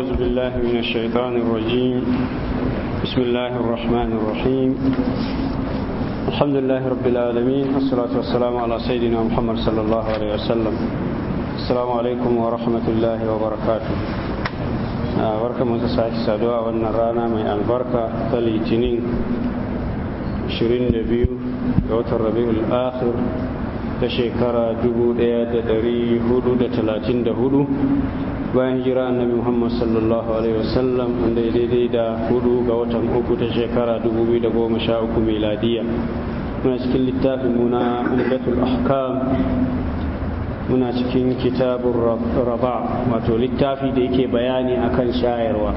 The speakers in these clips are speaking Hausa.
أعوذ بالله من الشيطان الرجيم بسم الله الرحمن الرحيم الحمد لله رب العالمين والصلاة والسلام على سيدنا محمد صلى الله عليه وسلم السلام عليكم ورحمة الله وبركاته barka mu sake saduwa wannan rana شرين albarka ta الربيع الآخر تشكر جبود rabi'ul دري هدو دتلاتين دهدو bayan hijira annabi Muhammad sallallahu alaihi wasallam wanda ya daidai da hudu ga watan uku ta shekara 2013 miladiya muna cikin littafin muna umdatul ahkam muna cikin kitabun raba wato littafi da yake bayani akan shayarwa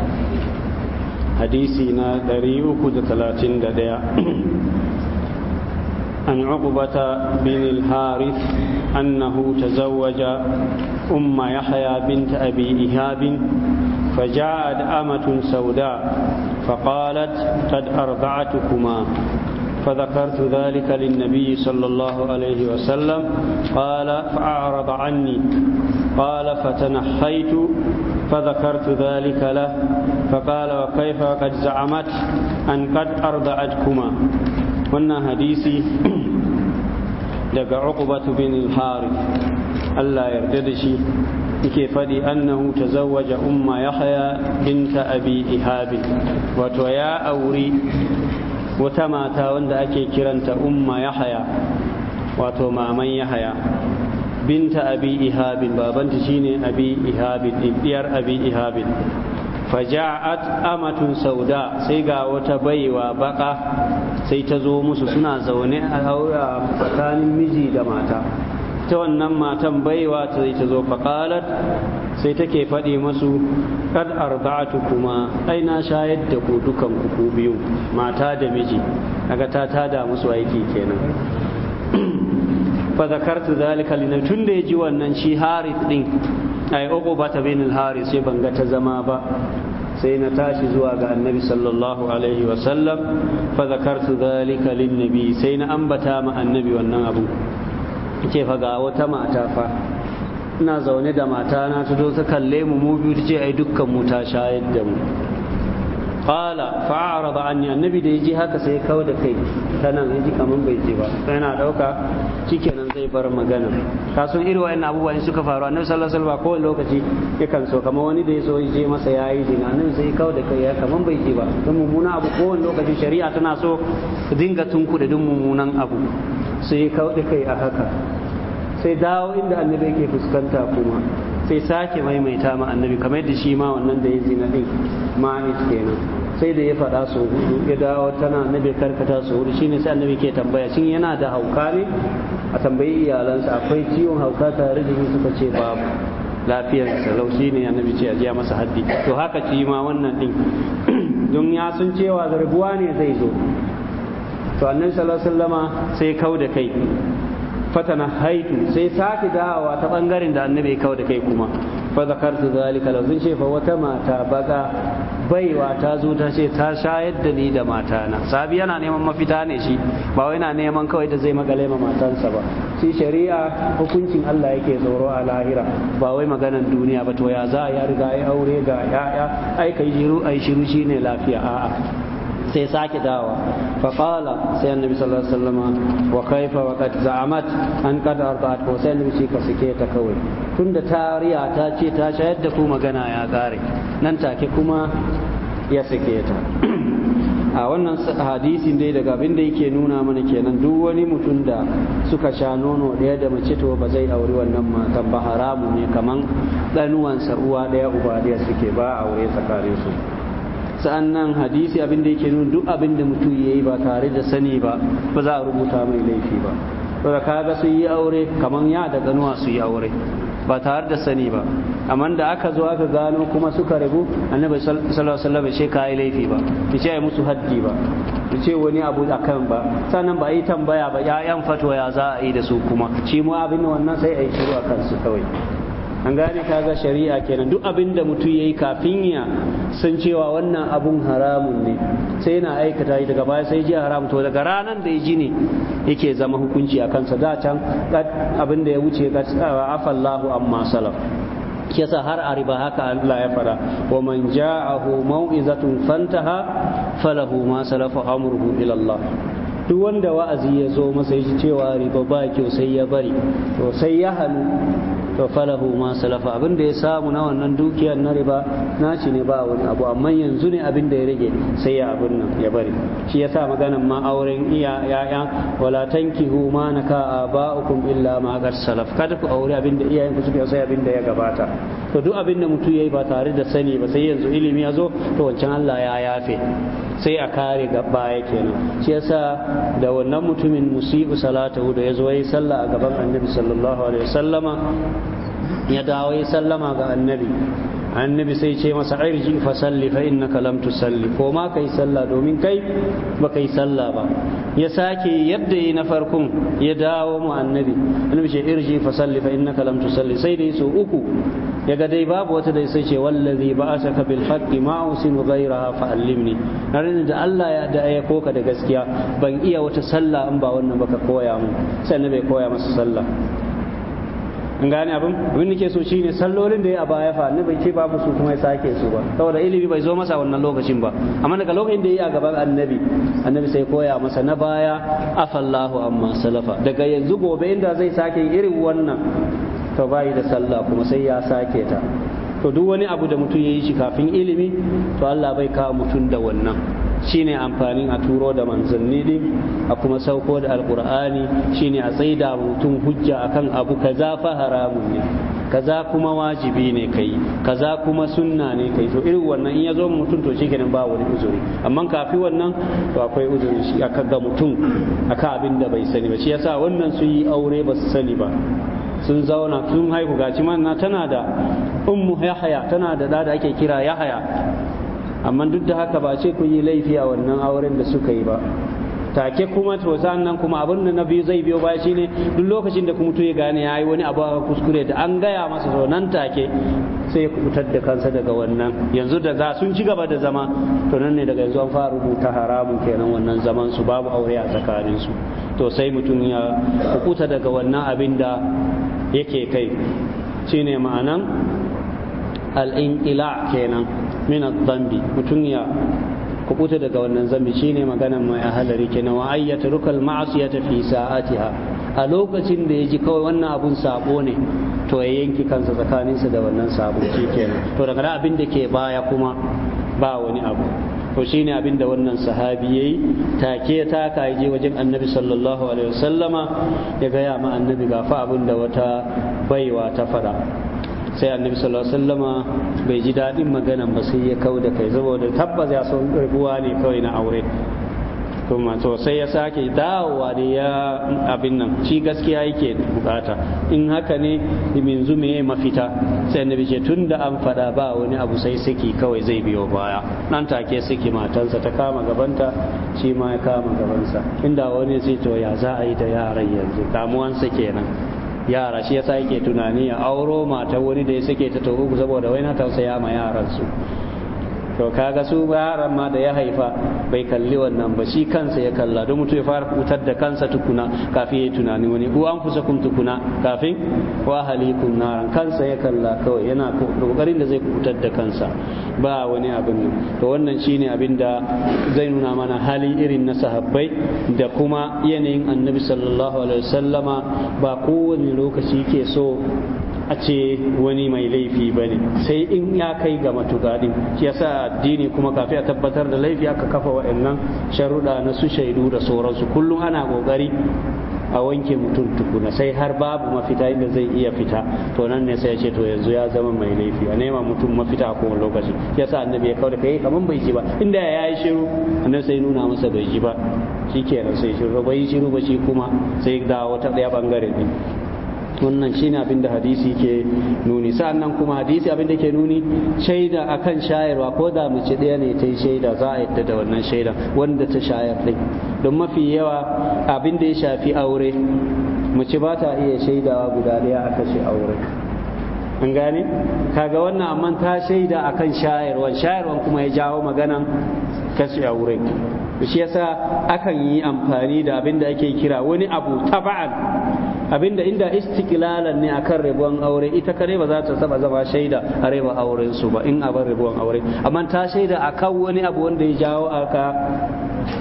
hadisi na 331 عن عقبة بن الحارث أنه تزوج أم يحيى بنت أبي إهاب فجاءت أمة سوداء فقالت قد أربعتكما فذكرت ذلك للنبي صلى الله عليه وسلم قال فأعرض عني قال فتنحيت فذكرت ذلك له فقال وكيف قد زعمت أن قد أرضعتكما wannan hadisi daga uqbatu bin al-harith Allah yarda da shi yake fadi annahu tazawwaja umma yahya binta abi ihab wato ya auri wata mata wanda ake kiranta umma yahya wato maman yahya binta abi ihab babanta shine abi ihab diyar abi ihab faja'at amatun sauda sai ga wata baiwa baka sai ta zo musu suna zaune a haura tsakanin miji da mata ta wannan matan baiwa ta zai ta zo faƙalat sai take faɗi masu kad arba'atu kuma ai na shayar da ku dukan ku biyu mata da miji daga ta tada musu aiki kenan fa zakartu zalika lina tun da yaji wannan shi harith din ai uqba ta bin al harith sai ban ga ta zama ba sai na tashi zuwa ga annabi sallallahu alaihi wasallam fa zakartu dhalika linnabi sai na ambata ma annabi wannan abu ce fa ga wata mata fa ina zaune da mata na ta zo ta kalle mu mu biyu ta ce ai dukkan mu ta shayar da mu qala fa'arada anni annabi da yaji haka sai kawo da kai tana yaji kaman bai je ba yana dauka shikenan zai bar magana ka san irin abubuwa in suka faru annabi sallallahu alaihi wasallam kowane lokaci yakan so kamar wani da ya so je masa yayi din annabi sai kawo da kai ya kaman bai ji ba don mummuna abu kowane lokaci shari'a tana so dinga tunku da duk mummunan abu sai kawo da kai a haka sai dawo inda annabi yake fuskanta kuma sai sake maimaita ma annabi kamar yadda shi ma wannan da ya zina din maa kenan sai da ya faɗa su hudu ya dawo tana annabi karkata su hudu shine sai annabi ke tambaya shin yana da hauka ne a tambayi iyalansa akwai ciwon hauka tare da shi suka ce babu lafiyar salau shine annabi ce a jiya masa haddi to haka ci ma wannan din don ya sun cewa zarguwa ne zai zo to annabi sallallahu alaihi sai kau da kai fatana haitu sai sake dawowa ta bangaren da annabi ya kau da kai kuma fa zakartu zalika la sun ce fa wata mata baka baiwa ta zo ta ce ta shayar da ni da mata na sabi yana neman mafita ne shi ba wai yana neman kawai da zai magale ma matansa ba shi shari'a hukuncin Allah yake tsoro a lahira ba wai maganan duniya ba to ya za ya riga ya aure ga ya'ya ai kai shiru ai shiru shine lafiya a'a sai sake dawa faƙala sai annabi sallallahu alaihi wasallam wa kaifa wa qad za'amat an qad arda'at ko sai annabi shi ka sike ta kawai tunda tariya ta ce ta shayar da ku magana ya kare nan take kuma ya sike ta a wannan hadisin dai daga abin da yake nuna mana kenan duk wani mutum da suka sha nono ɗaya da mace to ba zai auri wannan matan ba haramu ne kaman ɗanuwansa uwa ɗaya uba ɗaya suke ba aure tsakaninsu sa'annan hadisi abin da yake nuna duk abin da mutum yayi ba tare da sani ba ba za a rubuta mai laifi ba ka kaga sun yi aure kaman ya da ganuwa su yi aure ba tare da sani ba amma da aka zo aka gano kuma suka rabu annabi sallallahu alaihi wasallam ce yi laifi ba ki ce musu haddi ba ki ce wani abu kan ba sannan ba yi tambaya ba ya'yan fatwa ya za a yi da su kuma shi mu abin wannan sai a yi shiru akan su kawai an gane kaga shari'a kenan duk abin da mutum yi kafin ya san cewa wannan abun haramun ne sai yana aikata shi daga baya sai ji haram to daga ranar da ya ji ne yake zama hukunci a kansa da can abin da ya wuce afallahu amma salaf kisa har a riba haka Allah ya fara wa man ja'ahu mau'izatun fantaha falahu ma salafa amruhu ila Allah duk wanda wa'azi ya zo masa ya cewa riba ba kyau sai ya bari to sai ya hannu to falahu ma salafa abin da ya samu na wannan dukiyar na riba na shi ne ba wani abu amma yanzu ne abin da ya rage sai ya abin nan ya bari shi yasa maganan ma auren iya yaya wala tankihu ma naka aba'ukum illa ma qad salaf kada ku aure abin da iyayenku suke sai abin da ya gabata to duk abin da mutum yayi ba tare da sani ba sai yanzu ilimi ya zo to wancan Allah ya yafe sai a kare baya kenan shi yasa da wannan mutumin musibu salatahu da yazo yayi sallah a gaban annabi sallallahu alaihi wasallama ya dawo yi sallama ga annabi annabi sai ce masa irji fa salli fa innaka lam tusalli ko ma kai sallah domin kai ba kai sallah ba ya sake yadda yi na farkon ya dawo mu annabi annabi ce irji fa salli fa innaka lam tusalli sai dai so uku ya ga dai babu wata dai sai ce wallazi ba'asaka bil haqqi ma usinu ghayraha fa allimni da Allah ya da ya koka da gaskiya ban iya wata sallah in ba wannan baka koya mu sai annabi ya koya masa sallah in gane abin abin ke so shine sallolin da ya a baya fa bai ce babu su kuma ya sake su ba saboda ilimi bai zo masa wannan lokacin ba amma daga lokacin da ya a gaban annabi annabi sai koya masa na baya afallahu amma salafa daga yanzu gobe inda zai sake irin wannan to bayi da sallah kuma sai ya sake ta to duk wani abu da mutum ya yi shi kafin ilimi to Allah bai kawo mutum da wannan shine amfanin a turo da manzanni din a kuma sauko da alkur'ani shine a tsaida mutum hujja akan abu kaza fa haramun ne kaza kuma wajibi ne kai kaza kuma sunna ne kai to irin wannan in ya zo mutum to shi kenan ba wani uzuri amma kafi wannan to akwai uzuri shi aka ga mutum aka abin da bai sani ba shi yasa wannan sun yi aure ba su sani ba sun zauna sun haihu gaci manna tana da ummu yahaya tana da da ake kira yahaya amma duk da haka ba ce kun yi laifi a wannan auren da suka yi ba take kuma to sannan kuma abin da na biyu zai biyo ba shi ne duk lokacin da kuma to ya gane yayi wani abu a kuskure da an gaya masa to nan take sai ya kubutar da kansa daga wannan yanzu da za sun ci gaba da zama to nan ne daga yanzu an fara rubuta haramun kenan wannan zaman su babu aure a tsakanin su to sai mutum ya kubuta daga wannan abin da yake kai shine ma'anan al-inqila kenan min zambi mutum ya kubuta daga wannan zambi shine maganan mai ahalari kenan wa ayyata rukal ma'asiyata fi sa'atiha a lokacin da ya ji kawai wannan abun sabo ne to ya yanki kansa tsakaninsa da wannan sabo kenan to daga abin da ke baya kuma ba wani abu to shine abin da wannan sahabi yayi take ya taka je wajen annabi sallallahu alaihi wasallama ya gaya ma annabi fa abin da wata baiwa ta fada sai annabi sallallahu alaihi wasallama bai ji daɗin maganan ba sai ya kau da kai saboda tabbas ya san rubuwa ne kawai na aure kuma to sai ya sake dawowa ne ya abin nan shi gaskiya yake bukata in haka ne min zume mafita sai annabi ce tun da an faɗa ba wani abu sai saki kawai zai biyo baya nan take saki matansa ta kama gabanta shi ma ya kama gabansa inda wani sai to ya za a yi da yaran yanzu damuwansa kenan yara shi yasa yake tunani ya auro mata wani da ya suke ta tobu saboda wai na tausaya ma yaran su to kaga su yaran ma da ya haifa bai kalli wannan ba shi kansa ya kalla don mutum ya fara kutar da kansa tukuna kafin ya tunani wani ko an kusa kun tukuna kafin wa halikun naran kansa ya kalla kawai yana kokarin da zai kutar da kansa ba wani abin to wannan shine abin da zai nuna mana hali irin na sahabbai da kuma yanayin annabi sallallahu alaihi wasallama ba kowane lokaci ke so a ce wani mai laifi ba ne sai in ya kai ga matuƙa ɗin sa yasa addini kuma kafi a tabbatar da laifi aka kafa wa'annan sharuɗa na su shaidu da sauransu kullum ana ƙoƙari a wanke mutum tukuna sai har babu mafita inda zai iya fita to nan ne sai ya ce to yanzu ya zama mai laifi a nema mutum mafita a kowane lokaci yasa annabi ya kauda kai kaman bai ji ba inda ya yi shiru annabi sai nuna masa bai ji ba shi kenan sai shiru bai shiru ba shi kuma sai da wata daya bangare din wannan shine abin da hadisi ke nuni sa'annan kuma hadisi abin da ke nuni shaida akan shayarwa ko da mace ɗaya ne ta yi shaida za a yadda da wannan shaida wanda ta shayar ɗin don mafi yawa abin da ya shafi aure mace ba ta iya shaidawa guda ɗaya a kashe aure an gane kaga wannan amma ta shaida akan shayarwan shayarwan kuma ya jawo maganan kashe aure shi yasa akan yi amfani da abin da ake kira wani abu taba'an abinda inda istiqlalan ne akan rabuwan aure ita kare ba za ta saba zama shaida a raba auren su ba in a bar rabuwan aure amma ta shaida akan wani abu wanda ya jawo aka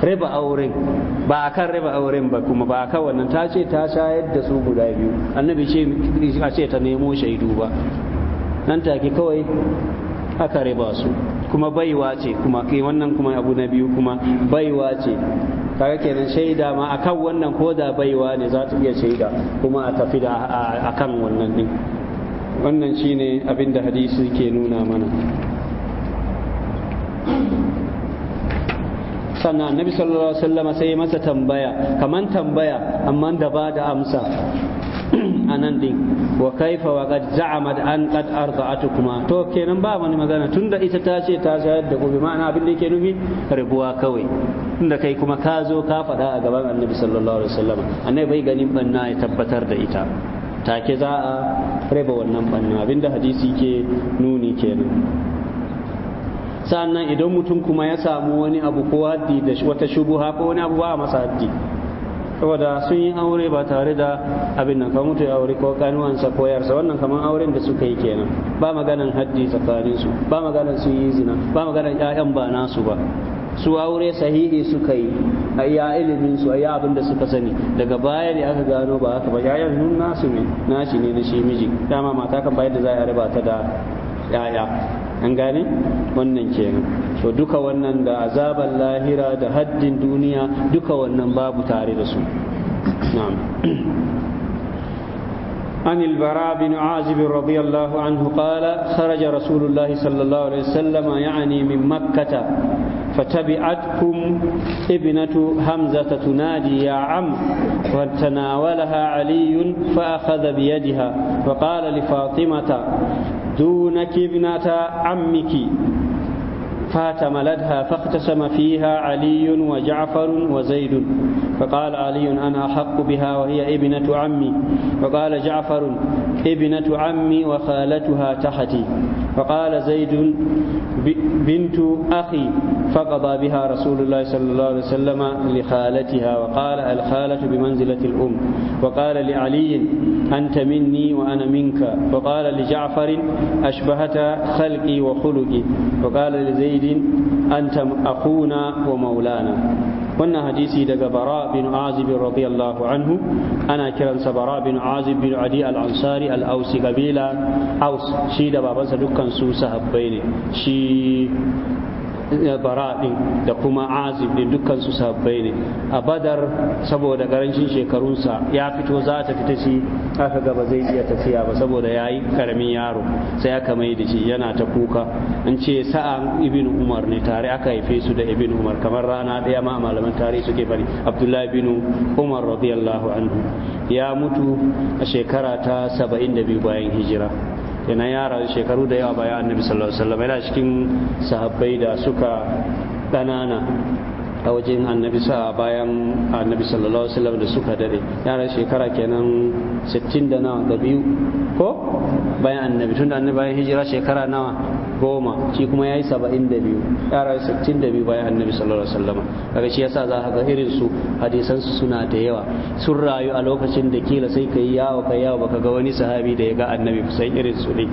raba auren ba akan raba auren ba kuma ba akan wannan ta ce ta shayar da su guda biyu annabi ce a ce ta nemo shaidu ba nan take kawai aka raba su kuma baiwa ce kuma eh, wannan kuma abu na biyu kuma baiwa ce kaga kenan shaida ma akan wannan ko da baiwa ne za ta iya shaida kuma a tafi da akan wannan din wannan shine abin da hadisi ke nuna mana sannan annabi sallallahu alaihi wasallam sai masa tambaya kaman tambaya amma da ba da amsa a nan din wa kaifa wa qad za'amat an qad arda'atukuma to kenan ba wani magana tunda ita ta ce ta sayar da gobe ma'ana abin da yake nufi rabuwa kawai tunda kai kuma ka zo ka faɗa a gaban annabi sallallahu alaihi wasallam annabi bai ganin banna ya tabbatar da ita take za a raba wannan banna abinda hadisi ke nuni kenan sannan idan mutum kuma ya samu wani abu ko haddi da wata shubuha ko wani abu ba masa haddi saboda sun yi aure ba tare da abin nan kamar mutu ya aure ko kanuwansa ko yarsa wannan kamar auren da suka yi kenan ba maganan haddi tsakanin su ba maganan sun yi zina ba maganan ƴaƴan ba nasu ba su aure sahihi suka yi a iya ilimin su a iya abin da suka sani daga baya ne aka gano ba haka ba ƴaƴan nun nasu ne nashi ne na shi miji dama mata kan bayar da za a raba ta da 'ya'ya an gane wannan kenan to duka wannan da azaban lahira da haddin duniya duka wannan babu tare da su عن البراء بن عازب رضي الله عنه قال خرج رسول الله صلى الله عليه وسلم يعني من مكة فتبعتكم ابنة همزة تنادي يا عم فتناولها علي فأخذ بيدها وقال لفاطمة دونك ابنة عمك فاتم لدها فاختسم فيها علي وجعفر وزيد فقال علي أنا أحق بها وهي ابنة عمي وقال جعفر ابنة عمي وخالتها تحتي فقال زيد بنت أخي فقضى بها رسول الله صلى الله عليه وسلم لخالتها وقال الخالة بمنزلة الأم وقال لعلي أنت مني وأنا منك وقال لجعفر أشبهت خلقي وخلقي وقال لزيد muhammadin anta akhuna wa maulana wannan hadisi daga bara bin azib radiyallahu anhu ana kiransa bara bin azib bin adi al-ansari al-ausi kabila aus shi da babansa dukkan su sahabbai ne shi bara ɗin da kuma azib din dukkan su sabbai ne a badar saboda karancin shekarunsa ya fito za ta fita shi aka gaba zai iya tafiya ba saboda ya yi karamin yaro sai aka mai da shi yana ta kuka an ce sa'an ibn umar ne tare aka haife su da ibn umar kamar rana ɗaya ma malaman tare suke bari abdullahi ibn umar radiyallahu anhu ya mutu a shekara ta 72 bayan hijira kenan ya rayu shekaru da yawa bayan annabi sallallahu alaihi wasallam yana cikin sahabbai da suka ƙanana a wajen annabi sa bayan annabi sallallahu alaihi wasallam da suka dare yaran shekara kenan 60 da nawa da biyu ko bayan annabi tun da annabi bayan hijira shekara nawa goma shi kuma yayi 72 da 62 bayan annabi sallallahu alaihi wasallam kaga shi yasa za ka ga irin su hadisan su suna da yawa sun rayu a lokacin da kila sai kai yawo kai yawo baka ga wani sahabi da ya ga annabi sai irin su ne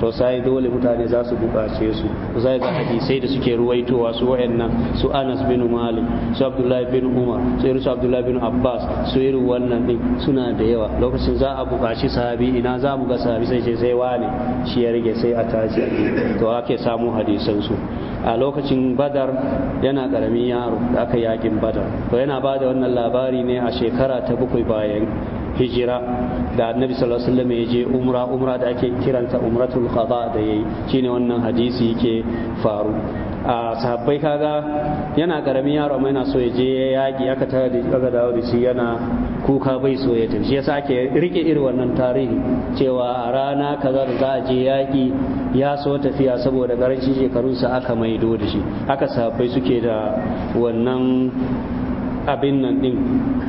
to sai dole mutane za su bukace su zai ga hadisai da suke ruwaitowa su wa'annan su Anas bin Malik su Abdullahi bin Umar su irin su Abdullahi bin Abbas su irin wannan din suna da yawa lokacin za a bukaci sahabi ina za mu ga sahabi sai ce sai wane shi ya rage sai a tashi to ake samu hadisan su a lokacin Badar yana karamin yaro da aka yakin Badar to yana bada wannan labari ne a shekara ta bakwai bayan hijira da annabi sallallahu alaihi ya je umra umra da ake kiranta umratul qada da yayi shine wannan hadisi yake faru a sahabbai kaga yana karamin yaro amma yana so ya je ya yaki aka ta da daga dawo da shi yana kuka bai so ya tafi shi yasa ake rike irin wannan tarihi cewa a rana kaza da za a je yaki ya so tafiya saboda karancin shekarunsa aka maido da shi haka sahabbai suke da wannan abin nan ɗin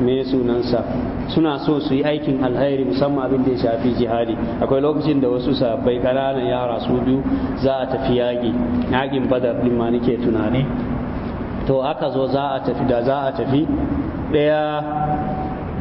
me sunansa suna so su yi aikin alhairi musamman abin da ya shafi jihadi akwai lokacin da wasu sabbai ƙananan yara su biyu za a tafi yaƙi yaƙin badar din ma nake tunani to aka zo za a tafi da za a tafi ɗaya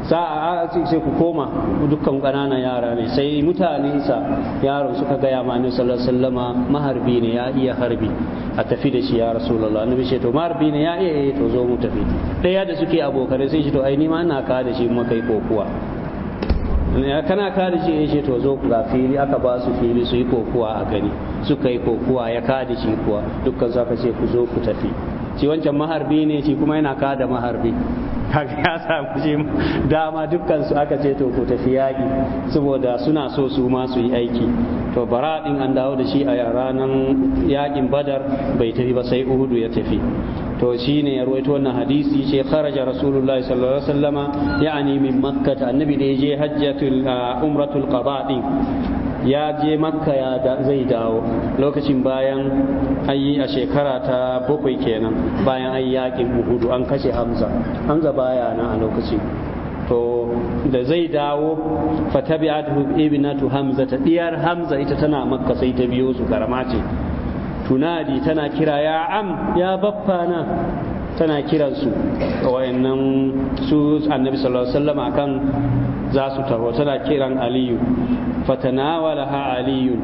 sa'a sai ku koma dukkan ƙananan yara ne sai mutanensa yaron suka gaya ma annabi sallallahu alaihi wasallama maharbi ne ya iya harbi a tafi da shi ya rasulullah annabi ce to maharbi ne ya iya eh, to zo mu tafi ɗaya da suke abokan sai shi to ai ma ina ka da shi kuma kai kokuwa kana ka da shi ya ce to zo ga fili aka ba su fili su yi kokuwa a gani suka yi kokuwa ya ka da shi kuwa dukkan zaka ce ku zo ku tafi shi wancan maharbi ne shi kuma yana ka da maharbi kaga ya samu shi dama dukkan su aka ce to ku tafi yaƙi saboda suna so su ma su yi aiki to bara ɗin an dawo da shi a ranar yaƙin badar bai tafi ba sai uhudu ya tafi to shine ya ruwaito wannan hadisi ce kharaja rasulullahi sallallahu alaihi wasallama ya'ani min makka annabi da ya je hajjatul ah, umratul qada din ya je makka ya zai dawo lokacin bayan ayi a shekara ta bakwai kenan bayan ayi yakin uhudu an kashe hamza hamza baya na a lokacin to da zai dawo fatabi'atu ibnatu hamza ta diyar hamza ita tana makka sai ta biyo su karama ce tunadi tana kira ya am ya baffana tana kiransu wayannan su annabi sallallahu alaihi wasallam akan za su taho tana kiran aliyu fatanawalaha aliyu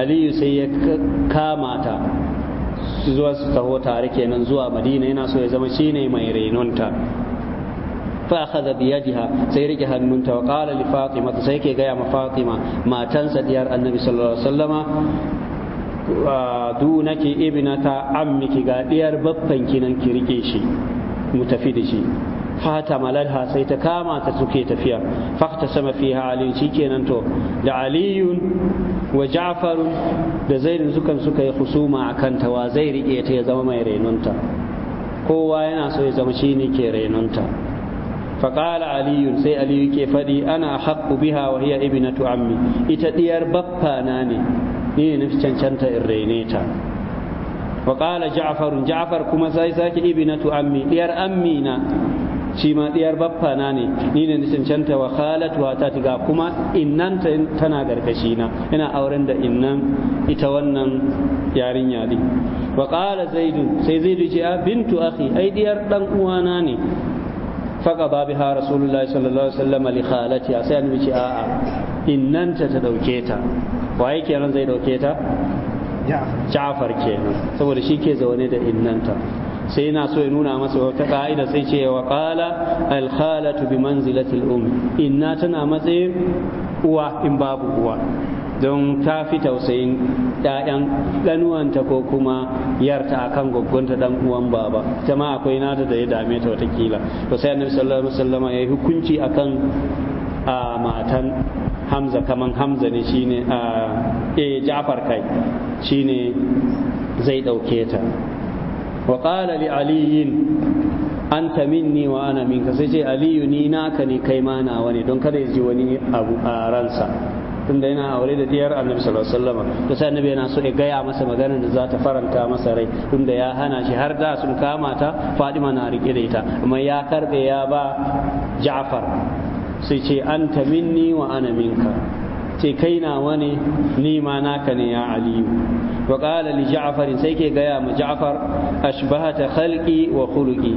aliyu sai ya kama ta zuwa su taho tare kenan zuwa madina yana so ya zama shine mai renonta hannunta wa سيرك هنمنت وقال sai سيكي قيام فاطمة ما تنسى matansa diyar annabi sallallahu alaihi wasallama dunaki ibnata ammiki ga diyar babban kinan ki rike shi mu tafi da shi fata malalha sai ta kama ta suke tafiya fakta sama fiha ali kenan to da aliyun wa ja'far da zaid sukan suka yi husuma akan ta wa zai rike ta ya zama mai renonta kowa yana so ya zama shine ke renonta فقال علي سي علي كيف wa أحق بها ammi ita عمي baffa na ne. ni ne nufi cancanta in raine ta wa qala ja'far ja'far kuma sai sake ibnatu ammi diyar ammi na shi ma diyar baffa na ne ni ne cancanta wa khalatu wa tati kuma innan tana garkashi na ina auren da innan ita wannan yarinya ne. wa qala zaidu sai zaidu ce bintu akhi ai diyar dan uwana ne faƙaba biha rasulullahi sallallahu alaihi wasallam li khalati sai annabi ce a'a innanta ta dauke ta waye kenan zai dauke ta Ja'far kenan saboda shi ke zaune da innanta sai yana so ya nuna masa wata ka'ida sai ce wa qala al khalatu bi manzilati um inna tana matsayin uwa in babu uwa don ta fi tausayin ɗayan ɗanuwanta ko kuma yarta akan ta ɗan uwan baba ta ma akwai nata da ya dame ta watakila to sai annabi sallallahu alaihi ya yi hukunci akan a matan hamza kaman hamza ne shine eh ja'far kai shine zai dauke ta wa qala li aliyin anta minni wa ana minka sai ce aliyu ni naka ne kai ma na wani don kada ya ji wani abu a ransa tunda yana aure da diyar annabi sallallahu alaihi wasallam to sai annabi yana so ya gaya masa magana da za ta faranta masa rai tunda ya hana shi har da sun kama ta Fadima na rike da ita amma ya karbe ya ba Ja'far sai ce anta minni wa ana minka ce kai nawa ne ni naka ne ya aliyu wa ƙala li sai ke gaya ma ja'far ashbahata khalqi wa khuluqi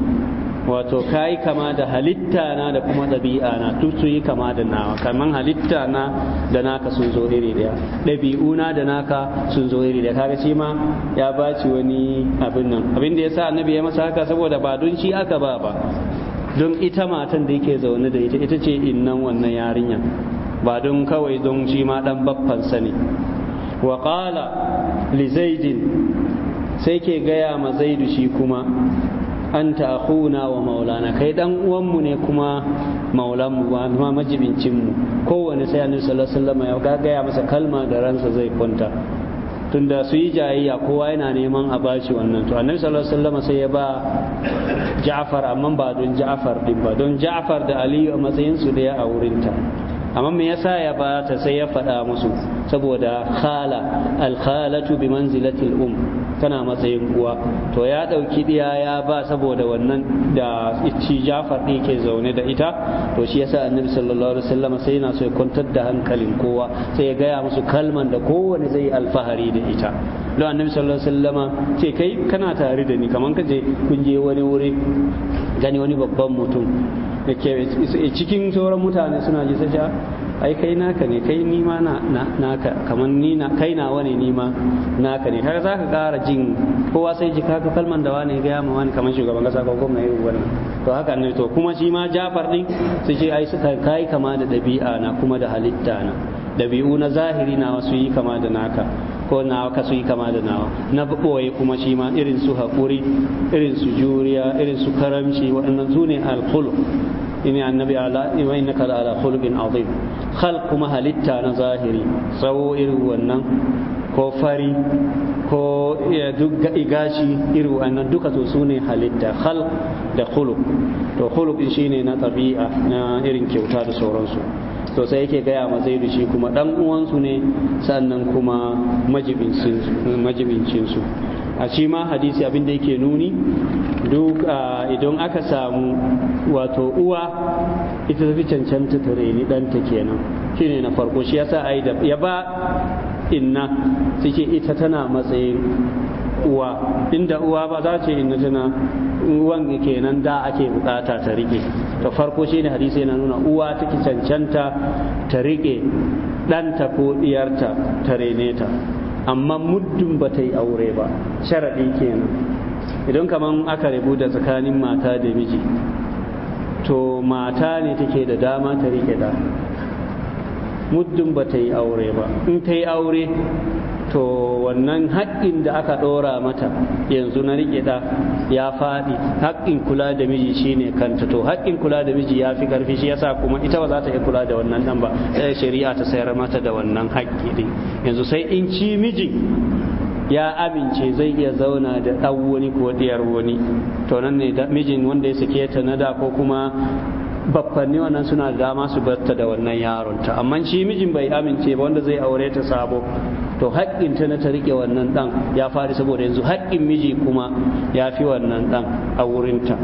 wato kai kama da halitta na da kuma ɗabi'a na tutu yi kama da nawa kaman halitta na da naka sun zo iri daya ɗabi'u na da naka sun zo iri daya kaga shi ma ya baci wani abin nan abin da yasa annabi ya masa haka saboda ba don shi aka ba ba don ita matan da yake zaune da ita ita ce innan wannan yarinya ba don kawai don shi ma dan baffansa ne wa qala li zaidin sai ke gaya ma zaidu shi kuma anta akhuna wa maulana kai dan uwanmu ne kuma maulanmu ba kuma majibincinmu kowane sai annabi sallallahu alaihi wasallam ya gaya masa kalma da ransa zai kwanta tunda su yi jayayya kowa yana neman a bashi wannan to annabi sallallahu alaihi wasallam sai ya ba Ja'far amma ba don Ja'far din ba don Ja'far da Aliyu a matsayin su daya a wurinta amma me yasa ya ba ta sai ya faɗa musu saboda khala al khalatu bi manzilati al um tana matsayin uwa to ya ɗauki ɗiya ya ba saboda wannan da ci jafar ɗin ke zaune da ita to shi yasa annabi sallallahu alaihi wasallam sai yana so ya kwantar da hankalin kowa sai ya gaya musu kalman da kowane zai alfahari da ita don annabi sallallahu alaihi wasallama ce kai kana tare da ni kaman kaje kun je wani wuri gani wani babban mutum da cikin sauran mutane suna ji sai ah, ai kai naka ne kai nima naka kamar ni na kai nawa ne nima naka ne har zaka kara jin kowa sai ji kaga kalman da wani ga ma wani kamar shugaban kasa ko kuma yayi wannan to haka ne to kuma shi ma Jafar din su ce ai suka kai kama da dabi'a na kuma da halitta na dabi'u na zahiri na wasu yi kama da naka ko nawa ka su yi kama da nawa na ɓoye kuma shi ma irin su haƙuri irin su juriya irin su karamci waɗannan su ne alkhulu إني النبي على إنك على خلق عظيم خلق ما هلتا ظاهري سو إرو ko fari ko duk iri wannan duka to su ne halitta hal da khuluq to khuluq shine na tabi'a na irin kyauta da sauransu to sai yake gaya ma zaidu shi kuma dan uwansu ne sannan kuma majibincin su a shi ma hadisi abin da yake nuni duk idan aka samu wato uwa ita tafi cancanta ta reni ɗanta kenan ne na farko shi yasa yi da ya ba inna suke ita tana matsayin uwa inda uwa ba za ce inna tana uwan kenan da ake bukata ta rike ta farko shi ne hadisi yana nuna uwa take cancanta ta rike ɗanta ko ɗiyarta ta rene ta amma muddin ba ta yi aure ba sharaɗi kenan idan kamar aka rabu da tsakanin mata da miji to mata ne take da dama ta rike da muddin ba ta yi aure ba in ta yi aure to wannan haƙƙin da aka ɗora mata yanzu na riƙe ɗa ya faɗi haƙƙin kula da miji shine kanta to haƙƙin kula da miji ya fi ƙarfi shi yasa kuma ita ba za ta iya kula da wannan ɗan ba sai eh, shari'a ta sayar mata da wannan haƙƙi ɗin yanzu sai in ci mijin ya amince zai iya zauna da ɗan wani ko ɗiyar wani to nan ne mijin wanda ya sake ta na da ko kuma baffanni wannan suna da dama su barta da wannan yaronta amma shi mijin bai amince ba wanda zai aure ta sabo to haƙƙin ta na ta riƙe wannan ɗan ya fari saboda yanzu haƙƙin miji kuma ya fi wannan ɗan a wurinta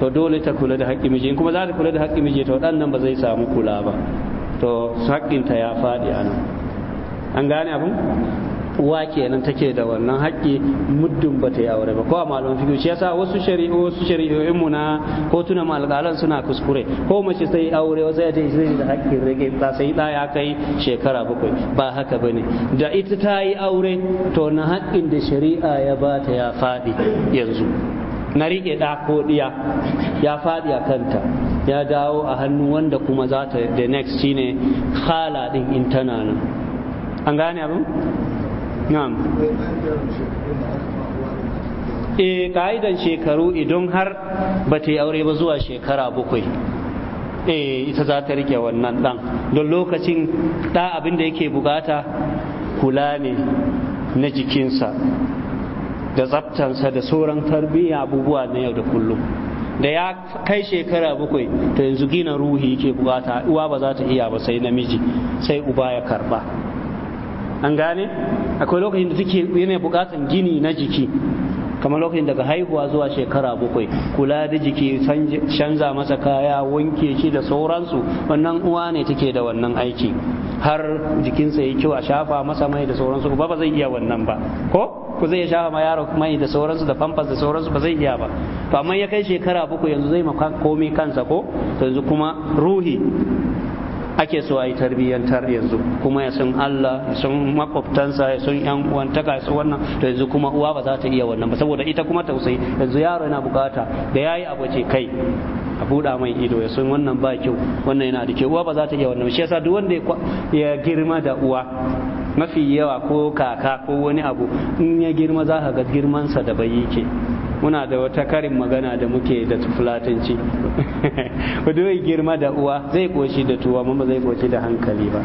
to dole ta kula da haƙƙin miji kuma za ta kula da haƙƙin miji to ɗan nan ba zai samu kula ba to haƙƙin ta ya faɗi a an gane abin uwa kenan take da wannan haƙƙi muddin ta yi aure ba ko a malaman fiqh shi yasa wasu shari'o su shari'o'in mu na kotunan alƙalan suna kuskure ko mace sai aure wasu ya ce da haƙƙin rage ta sai da ya kai shekara bakwai ba haka bane da ita ta yi aure to na haƙƙin da shari'a ya bata ya faɗi yanzu na rike ɗa ko ɗiya ya faɗi a kanta ya dawo a hannu wanda kuma za ta da next shine khala ɗin in tana nan an gane abin na'am e ka'idan shekaru idan har ba ta yi aure ba zuwa shekara bakwai e ita za ta rike wannan dan don lokacin da abin da yake bukata kula ne na jikinsa da tsaftansa da sauran tarbiyya abubuwa na yau da kullum da ya kai shekara bakwai to yanzu gina ruhi yake bukata uwa ba za ta iya ba sai namiji sai uba ya karba an gane akwai lokacin da take yana bukatan gini na jiki kamar lokacin daga haihuwa zuwa shekara bakwai kula da jiki canza masa kaya wanke shi da sauransu wannan uwa ne take da wannan aiki har jikinsa ya kyau a shafa masa mai da sauransu ba ba zai iya wannan ba ko ku zai shafa ma yaro mai da sauransu da famfas da sauransu ba zai iya ba to amma ya kai shekara bakwai yanzu zai maka komai kansa ko to yanzu kuma ruhi ake so a yi tarbiyyantar yanzu kuma ya san Allah ya san makwabtansa ya san yan uwantaka ya san wannan to yanzu kuma uwa ba za ta iya wannan ba saboda ita kuma tausayi yanzu yaro yana bukata da yayi abu ce kai a buɗa mai ido ya san wannan ba kyau wannan yana da kyau uwa ba za ta iya wannan shi yasa duk wanda ya girma da uwa mafi yawa ko kaka ko wani abu in ya girma za ka ga girmansa da bai yake muna da wata karin magana da muke da fulatanci wadda girma da uwa zai koshi da tuwa mama zai koshi da hankali ba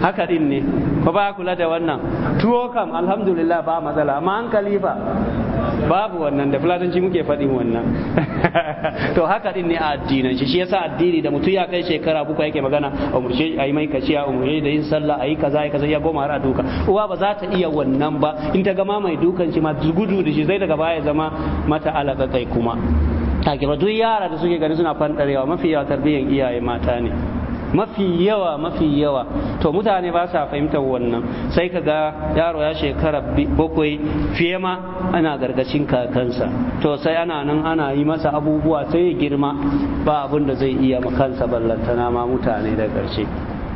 haka din ne ba ba kula da wannan tuwo kam alhamdulillah ba matsala amma hankali ba babu wannan da fulatanci muke faɗin wannan to haka din ne a addinan shi shi yasa addini da mutum ya kai shekara buku yake magana a a ayi mai a umurce da yin sallah ayi kaza ayi kaza ya goma har a duka uwa ba za ta iya wannan ba in ta gama mai dukan shi ma gudu da shi zai daga baya zama mata alaƙa kai kuma take duk yara da suke gani suna fanɗarewa mafi yawa tarbiyyar iyaye mata ne mafi yawa mafi yawa to mutane ba sa fahimtar wannan sai ka ga yaro ya shekara bakwai fiye ma ana gargashin kakansa to sai ana nan ana yi masa abubuwa sai girma ba abin da zai iya makansa ballantana ma mutane da ƙarshe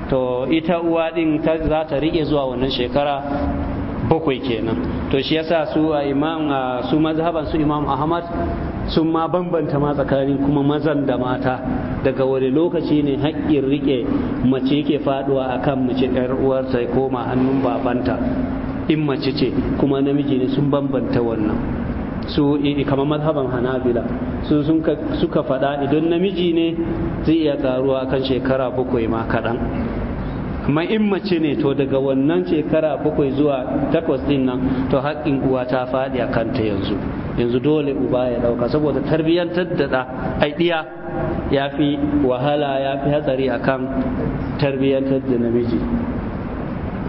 to ita uwa ɗin za ta riƙe zuwa wannan shekara bakwai kenan to shi yasa su imam su mazhaban su imam ahmad sun ma bambanta ma tsakanin kuma mazan da mata daga wani lokaci ne haƙƙin riƙe mace ke faɗuwa akan mace ɗan uwarta koma hannun babanta in mace ce kuma namiji ne sun bambanta wannan su kamar mazhaban hanabila su suka faɗa idan namiji ne zai iya ƙaruwa kan shekara bakwai ma kaɗan amma in mace ne to daga wannan shekara bakwai zuwa takwas ɗin to haƙƙin uwa ta faɗi a kanta yanzu yanzu dole uba ya dauka saboda tarbiyyantar da da aidiya ya fi wahala ya fi hatsari a kan tarbiyyantar da namiji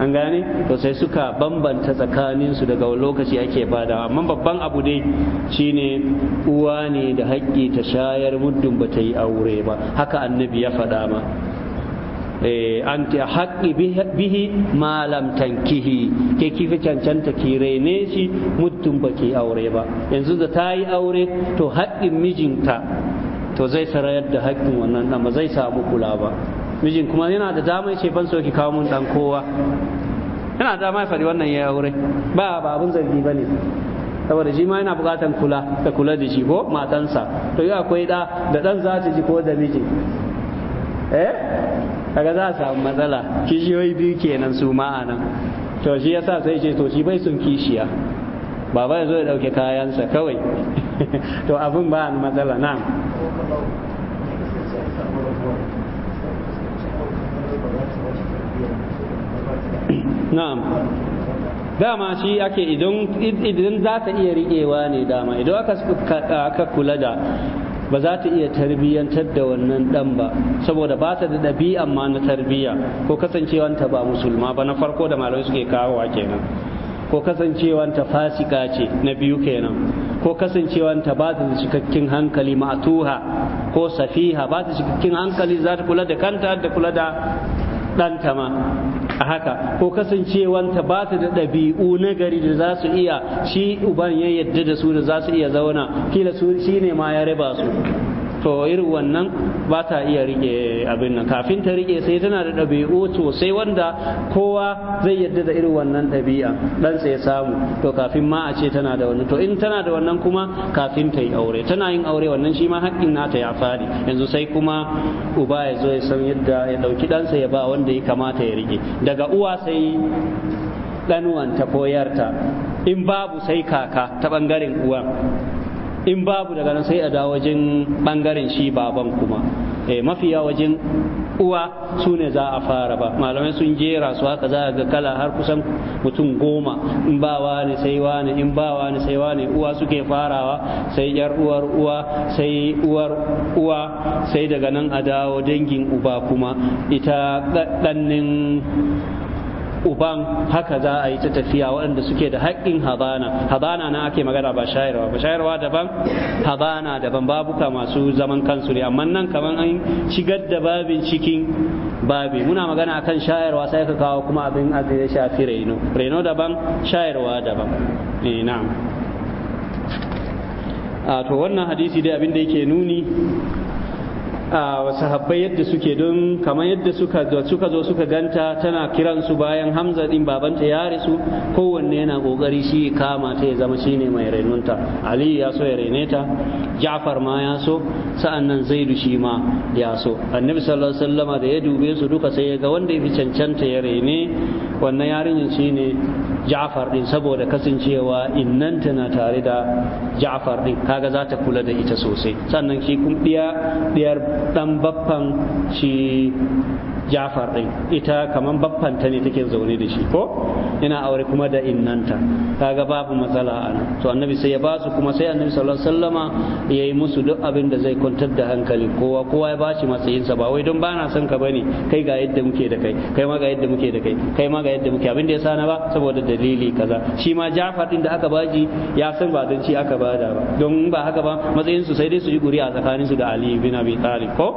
an gane to sai suka bambanta tsakaninsu daga lokaci ake bada amma babban abu dai shine uwa ne da haƙƙi ta shayar muddin ba ta yi aure ba haka annabi ya faɗa ma Eh, anti haqqi bihi ma lam tankihi ke kifi cancanta ki rene shi muddin baki aure ba yanzu da ta yi aure to haƙƙin mijinta to zai sarayar da haƙƙin wannan ɗan ba zai samu kula ba mijin kuma yana da damar ce ban so ki kawo mun ɗan kowa yana da damar faɗi wannan ya aure ba ba abin zargi ba ne saboda shi ma yana buƙatar kula da kula da shi ko matansa to yi akwai ɗa da ɗan za ji ko da mijin eh kaga za a samu matsala kishiyoyi biyu kenan su ma to shi yasa sai ce to shi bai sun kishiya ba bai zo ya dauke kayansa kawai to abin ba matsala na na'am dama shi ake idan za ta iya riƙewa ne dama idan aka kula da ba za ta iya tarbiyyantar da wannan dan ba saboda ba ta da ɗabi'a ma na tarbiyya ko kasancewanta ba musulma ba na farko da malamai suke kawowa kenan ko kasancewanta fasika ce na biyu kenan ko kasancewanta ba ta da cikakken hankali matuha ko safiha ba ta cikakken hankali za ta kula da kanta da kula da ɗanta ma a haka ko kasancewanta ba ta da ɗabi'u na gari da za su iya shi uban ya yadda da su da za su iya zauna kila su shi ne ma ya raba su to irin wannan ba ta iya rike abin nan kafin ta rike sai tana da ɗabi'u sosai wanda kowa zai yadda da irin wannan ɗabi'a ɗansa ya samu to kafin ma a ce tana da wannan to in tana da wannan kuma kafin ta yi aure tana yin aure wannan shi ma haƙƙin nata ya fadi yanzu sai kuma uba ya zo ya san yadda ya ɗauki ɗansa ya ba wanda ya kamata ya rike daga uwa sai ɗanwanta ta koyarta in babu sai kaka ta ɓangaren uwa in babu daga nan sai a da wajen bangaren shi baban kuma e, mafiya wajen uwa su ne za a fara ba malamai sun jera su haka za ga kala har kusan mutum goma in ba wani sai wani in ba wani sai wani uwa suke farawa sai yar uwar uwa sai uwar uwa sai daga nan a dawo dangin uba kuma ita ɗannin uban haka za a yi ta tafiya waɗanda suke da haƙƙin habana habana na ake magana ba shayarwa ba shayarwa daban habana daban babuka masu zaman kansu ne amma nan kamar an shigar da babin cikin babi muna magana akan shayarwa sai ka kawo kuma abin azin ya shafi reno reno daban shayarwa daban eh a to wannan hadisi dai abin da yake nuni wasu sahabbai yadda suke don kamar yadda suka zo suka ganta tana kiransu bayan hamza din babanta ya rasu kowanne yana kokari shi kama ta ya zama shine mai rainunta ali ya so ya raine ta ja'far ma ya so sa'an nan zaidu shi ma ya so annabi sallallahu alaihi wasallama da ya dube su duka sai ya ga wanda ya fi cancanta ya raine wannan yarinyar shi ne ja'far din saboda kasancewa innanta na tare da ja'far ɗin kaga za ta kula da ita sosai sannan shi kun ɗiyar ɗan baffan shi jafar din ita kaman baffanta ne take zaune da shi ko ina aure kuma da innanta kaga babu matsala a nan to annabi sai ya ba su kuma sai annabi sallallahu alaihi wasallama ya musu duk abin da zai kwantar da hankali kowa kowa ya bashi sa ba wai don ba na son ka bane kai ga yadda muke da kai kai ma ga yadda muke da kai kai ma ga yadda muke abin da ya sa na ba saboda dalili kaza shi ma jafar din da aka baji ya san ba don ci aka bada ba don ba haka ba matsayinsu sai dai su yi guri a su da ali bin abi talib ko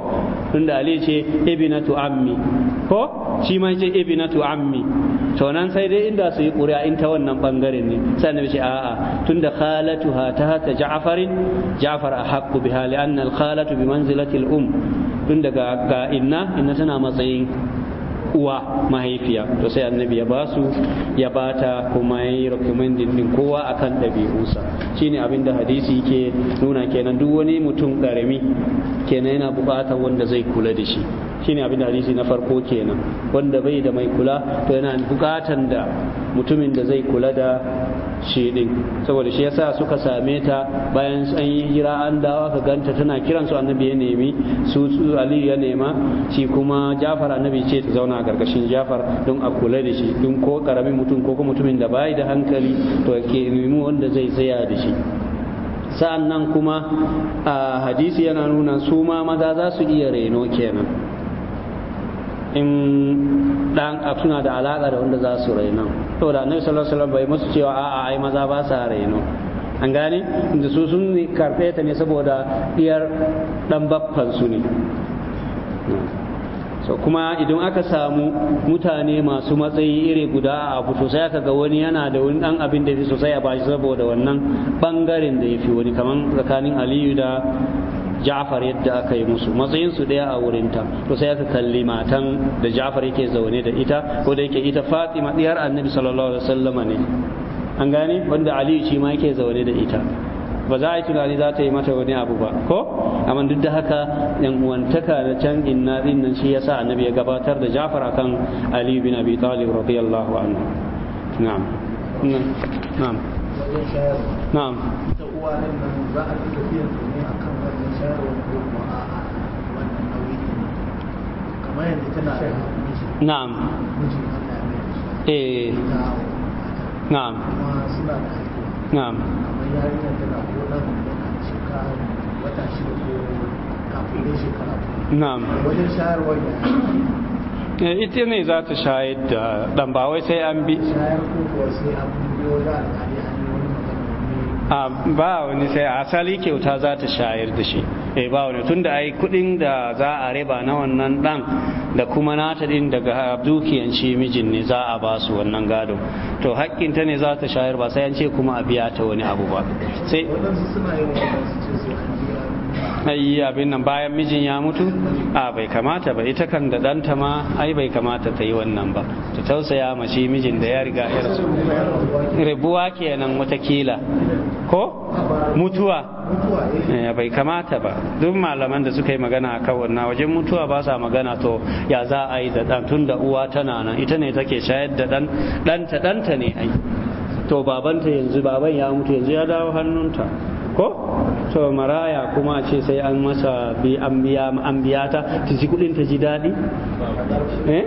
tunda ali ce ibnatu ammi ko shi ma yace ibnatu ammi to nan sai dai inda su yi ƙuri'a in ta wannan bangare ne sai annabi ce a'a tunda khalatuha ta hata ja'farin ja'far ahaqqu biha li anna al khalatu bi manzilati al um tun daga ga inna inna tana matsayin uwa mahaifiya to sai annabi ya basu ya bata kuma ya yi recommended din kowa akan ɗabi'unsa shine abin da hadisi ke nuna kenan duk wani mutum ƙarami kenan yana buƙatar wanda zai kula da shi shine abin da hadisi na farko kenan wanda bai da mai kula to yana buƙatan da mutumin da zai kula da shi din saboda shi yasa suka same ta bayan an yi hira an dawo ka ganta tana kiran su annabi ya nemi su ali ya nema shi kuma jafar annabi ce ta zauna a karkashin jafar don a kula da shi don ko karamin mutum ko kuma mutumin da bai da hankali to ke nemi wanda zai tsaya da shi sa'an nan kuma a hadisi yana nuna su ma maza za su iya reno kenan in dan suna da alaka da wanda za su rainon. da annabi sallallahu alaihi wasallam bai musu cewa a'a ai maza ba sa raino an gane da su sun karɓe ta ne saboda diyar dan baffan su ne so kuma idan aka samu mutane masu matsayi iri guda a abu to sai aka ga wani yana da wani dan abin da ya fi sosai a bashi saboda wannan bangaren da ya fi wani kaman tsakanin aliyu da Ja'far yadda aka yi musu matsayin su daya a wurin ta to sai aka kalli matan da Ja'far yake zaune da ita ko da yake ita Fatima diyar Annabi sallallahu alaihi wasallama ne an gane wanda Aliyu shi ma yake zaune da ita ba za a yi tunani za ta yi mata wani abu ba ko amma duk da haka yan uwantaka na can inna nan shi yasa annabi ya gabatar da Ja'far akan Aliyu bin Abi Talib radiyallahu anhu na'am na'am na'am ita uwa nan za a Eh. Eh, ita ne za ta shayar da ɗan sai an bi shayar ba wani sai asali kyauta za ta shayar da shi E, ba wani tun tunda ai kudin da za a riba na wannan dan da kuma nata din daga dukiyan shi mijin ne za a ba su wannan gado to haƙƙin ta ne za ta shayar ba sai an ce kuma a biya ta wani abu ba sai ai abin nan bayan mijin ya mutu a bai kamata ba ita kan da ɗanta ma ai bai kamata ta yi wannan ba ta tausaya ma shi mijin da ya riga ya rasu rabuwa kenan watakila ko mutuwa eh, bai kamata ba duk malaman da suka yi magana a kan wannan wajen mutuwa ba sa magana to ya za a yi da ɗan tun da uwa tana nan ita ne take shayar da ɗan ɗanta ɗanta ne ai to babanta yanzu baban ya mutu yanzu ya dawo hannunta ko so maraya kuma ce sai an masa bi an biya ta ta ji kudin ta ji daɗi eh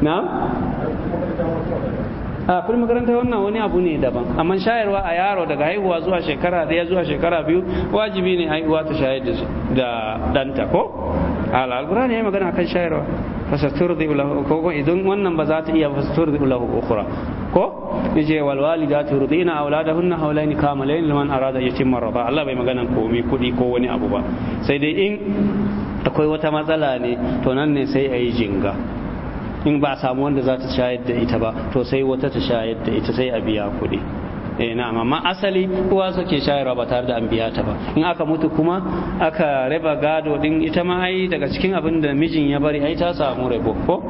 na a kudin makaranta wannan wani abu ne daban amma shayarwa a yaro daga haihuwa zuwa shekara daya zuwa shekara biyu wajibi ne haihuwa ta shayar da danta ko al-alqur'ani ya magana kan shayarwa fasatur lahu ko idan wannan ba za ta iya fasatur lahu ukhra ko yace wal walidatu yurdina auladahunna hawlaini kamalain liman arada yatimma rida Allah bai magana komai kudi ko wani abu ba sai dai in akwai wata matsala ne to nan ne sai ayi jinga in ba a samu wanda za ta shayar da ita ba to sai wata ta shayar da ita sai a biya kuɗi eh na'am amma asali uwa suke shayarwa ba tare da an biya ta ba in aka mutu kuma aka raba gado din ita ma ai daga cikin abin da mijin ya bari ai ta samu rabo ko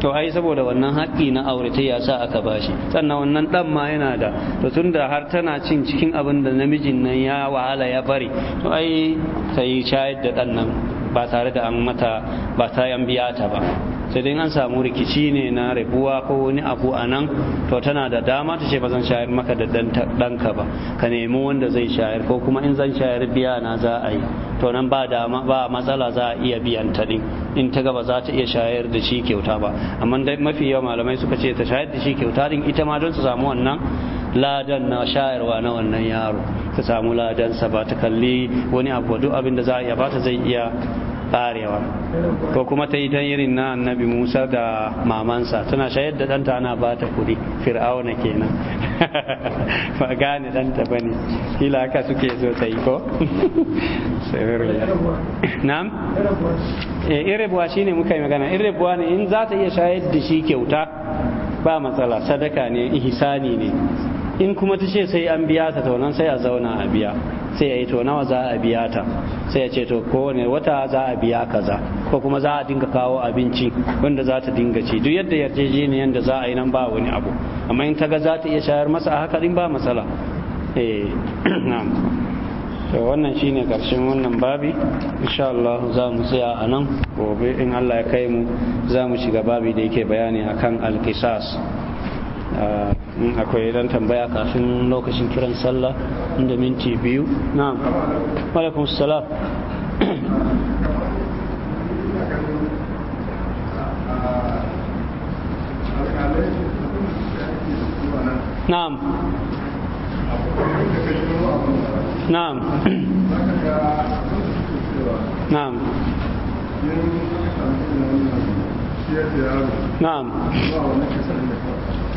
to ai saboda wannan haƙƙi na aure ta yasa aka bashi sannan wannan dan ma yana da to tunda har tana cin cikin abin da namijin nan ya wahala ya bari to ai sai yi shayar da dan nan ba tare da an mata ba sai an biya ta ba sai dai an samu rikici ne na rabuwa ko wani abu a nan to tana da dama ta ce ba zan shayar maka da danka ba ka nemi wanda zai shayar ko kuma in zan shayar biya na za a yi to nan ba dama ba matsala za a iya biyan ta din in ta gaba za ta iya shayar da shi kyauta ba amma mafi yawa malamai suka ce ta shayar da shi kyauta din ita ma don su samu wannan ladan na shayarwa na wannan yaro ta samu ladansa ba ta kalli wani abu duk abin da za a iya ba ta zai iya barewa ko kuma ta yi ta irin na annabi musa da mamansa tana shayar da ɗanta ana ba ta kuɗi fir'auna kenan ba gane ɗanta ba ne kila haka suke zo ta yi ko na'am eh, irrebuwa shine muka yi magana irebuwa ne in za ta iya shayar da shi kyauta ba matsala sadaka ne ihsani ne in kuma ta ce sai an biya ta to sai a zauna a biya sai ya yi to nawa za a biya ta sai ya ce to kowane wata za a biya kaza ko kuma za a dinga kawo abinci wanda za ta dinga ci duk yadda yarjejeniyar da za a yi nan ba wani abu amma in ta ga za ta iya shayar masa a haka din ba matsala eh to wannan shine karshen wannan babi insha Allah za mu tsaya a nan gobe in Allah ya kai mu za mu shiga babi da yake bayani a kan alkisas Ah, in akwai dan tambaya kafin lokacin kiran sallah inda minti biyu na'am alaikum salam na'am na'am na'am na'am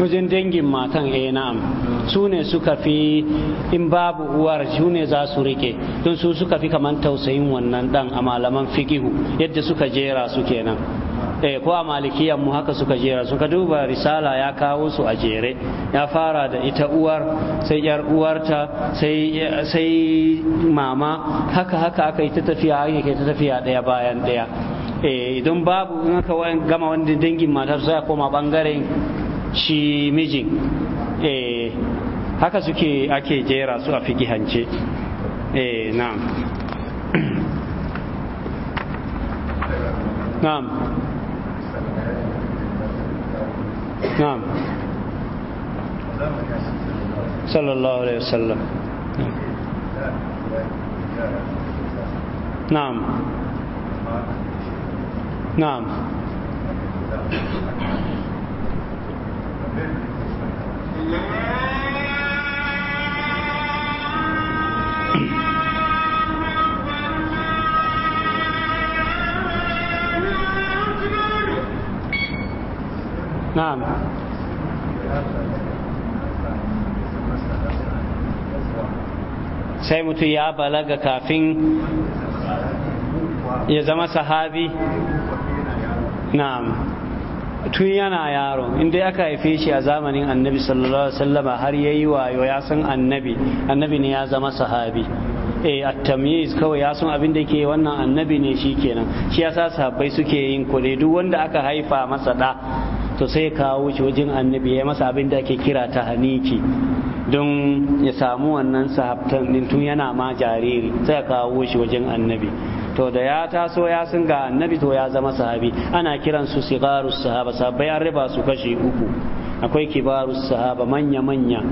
wajen dangin matan eh na'am su ne suka fi in babu uwar su ne za su rike don su suka fi kaman tausayin wannan dan a malaman fikihu yadda suka jera su kenan eh ko a malikiyan mu haka suka jera suka duba risala ya kawo su a jere ya fara da ita uwar sai yar uwarta sai mama haka haka aka yi ta tafiya ake ta tafiya daya bayan daya Eh, idan babu in aka gama wanda dangin matar sai koma bangaren shi mijin eh, haka suke ake jera su a fikihance eh na'am na'am na'am sallallahu alaihi wasallam na'am نعم نعم sai mutum ya balaga kafin ya zama sahabi na'am tun yana yaro in dai aka haife shi a zamanin annabi sallallahu alaihi wasallama har yayi wayo ya san annabi annabi ne ya zama sahabi eh at-tamyiz kawai ya san abin da yake wannan annabi ne shikenan shi yasa sahabbai suke yin kure duk wanda aka haifa masa da to sai ya kawo shi wajen annabi ya masa abin da ake kira ta haniki don ya samu wannan sahabtan din tun yana ma jariri sai ya kawo shi wajen annabi to da ya taso ya sun ga annabi to ya zama sahabi ana kiran su sigarus sahaba sabai an riba su kashi uku akwai kibarus sahaba manya manya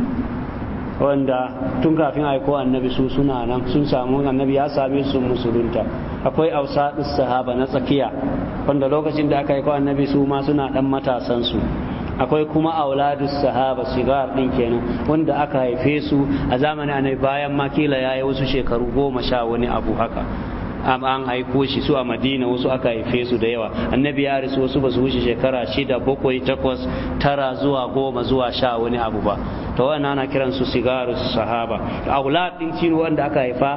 wanda tun kafin aiko annabi su suna nan sun samu annabi ya same su musulunta akwai ausadus sahaba na tsakiya wanda lokacin da aka aiko annabi su ma suna dan matasan su akwai kuma auladus sahaba sigar din kenan wanda aka haife su a zamanin annabi bayan makila yayi wasu shekaru goma sha wani abu haka an haiko shi su a madina wasu aka haife su da yawa annabi ya rasu wasu ba su wuce shekara shida bakwai takwas tara zuwa goma zuwa sha wani abu ba to wannan ana kiran su sigaru sahaba aulad din shi wanda aka haifa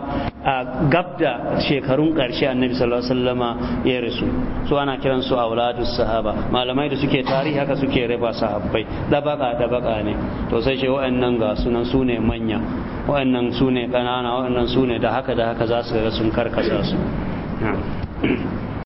a gabda shekarun karshe annabi sallallahu alaihi wasallama ya rasu su ana kiran su auladu sahaba malamai da suke tarihi haka suke raba sahabbai dabaka dabaka ne to sai ce wa'annan ga sunan su ne manya wa'annan su ne kanana wa'annan su ne da haka da haka za su ga sun karkasa su